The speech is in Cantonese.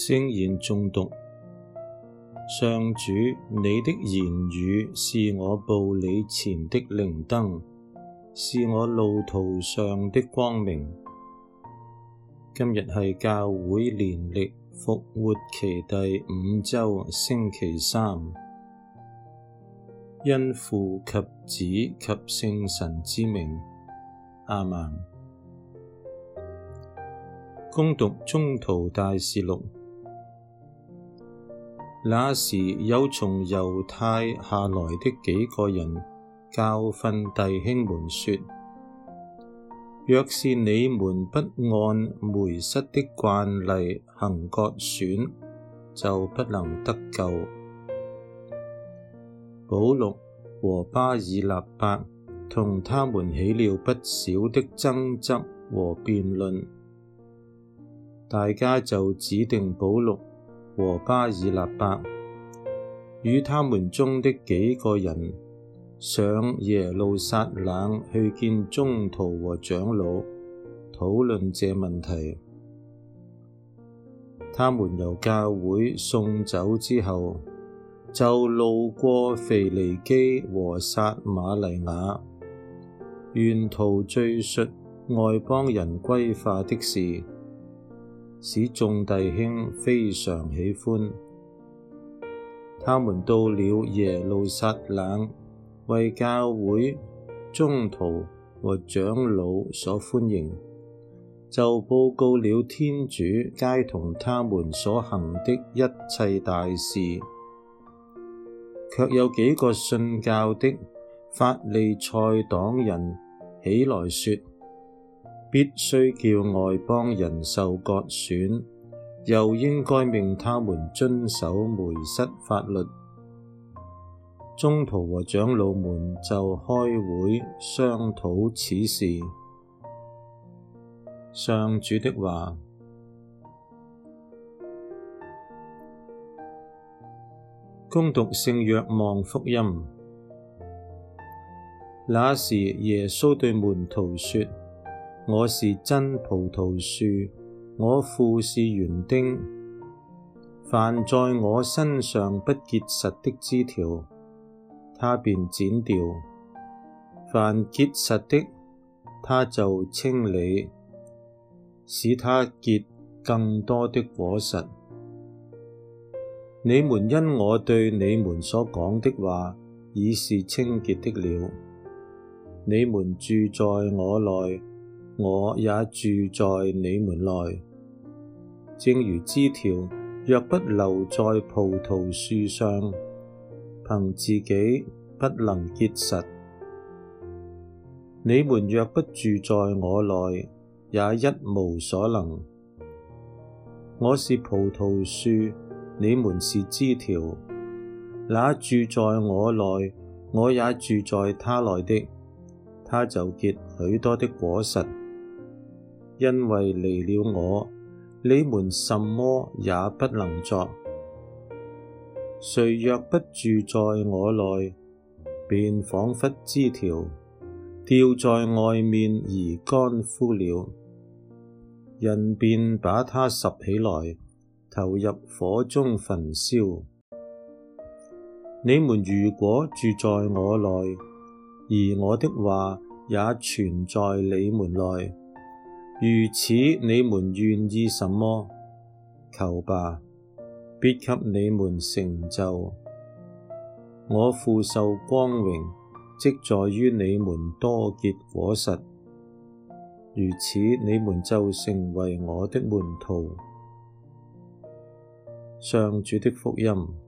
聖言誦讀，上主，你的言語是我步履前的靈燈，是我路途上的光明。今日係教會年曆復活期第五周星期三，因父及子及聖神之名，阿們。恭讀宗徒大事錄。那時，有從猶太下來的幾個人教訓弟兄們說：若是你們不按梅瑟的慣例行割損，就不能得救。保祿和巴爾納伯同他們起了不少的爭執和辯論，大家就指定保祿。和巴爾納伯與他們中的幾個人，上耶路撒冷去見宗徒和長老，討論這問題。他們由教會送走之後，就路過腓尼基和撒瑪黎雅，沿途敘述外邦人歸化的事。使眾弟兄非常喜歡，他們到了耶路撒冷，為教會、宗徒和長老所歡迎，就報告了天主，偕同他們所行的一切大事。卻有幾個信教的法利塞黨人起來說。必須叫外邦人受割損，又應該命他們遵守梅瑟法律。宗徒和長老們就開會商討此事。上主的話：恭讀聖若望福音。那時耶穌對門徒說。我是真葡萄樹，我父是園丁。凡在我身上不結實的枝條，他便剪掉；凡結實的，他就清理，使它結更多的果實。你們因我對你們所講的話，已是清潔的了。你們住在我內。我也住在你們內，正如枝條若不留在葡萄樹上，憑自己不能結實；你們若不住在我內，也一無所能。我是葡萄樹，你們是枝條。那住在我內，我也住在他內的，他就結許多的果實。因為離了我，你們什麼也不能作。誰若不住在我內，便彷彿枝條丟在外面而乾枯了。人便把它拾起來，投入火中焚燒。你們如果住在我內，而我的話也存在你們內。如此，你們願意什麼，求吧，必給你們成就。我父受光榮，即在於你們多結果實。如此，你們就成為我的門徒。上主的福音。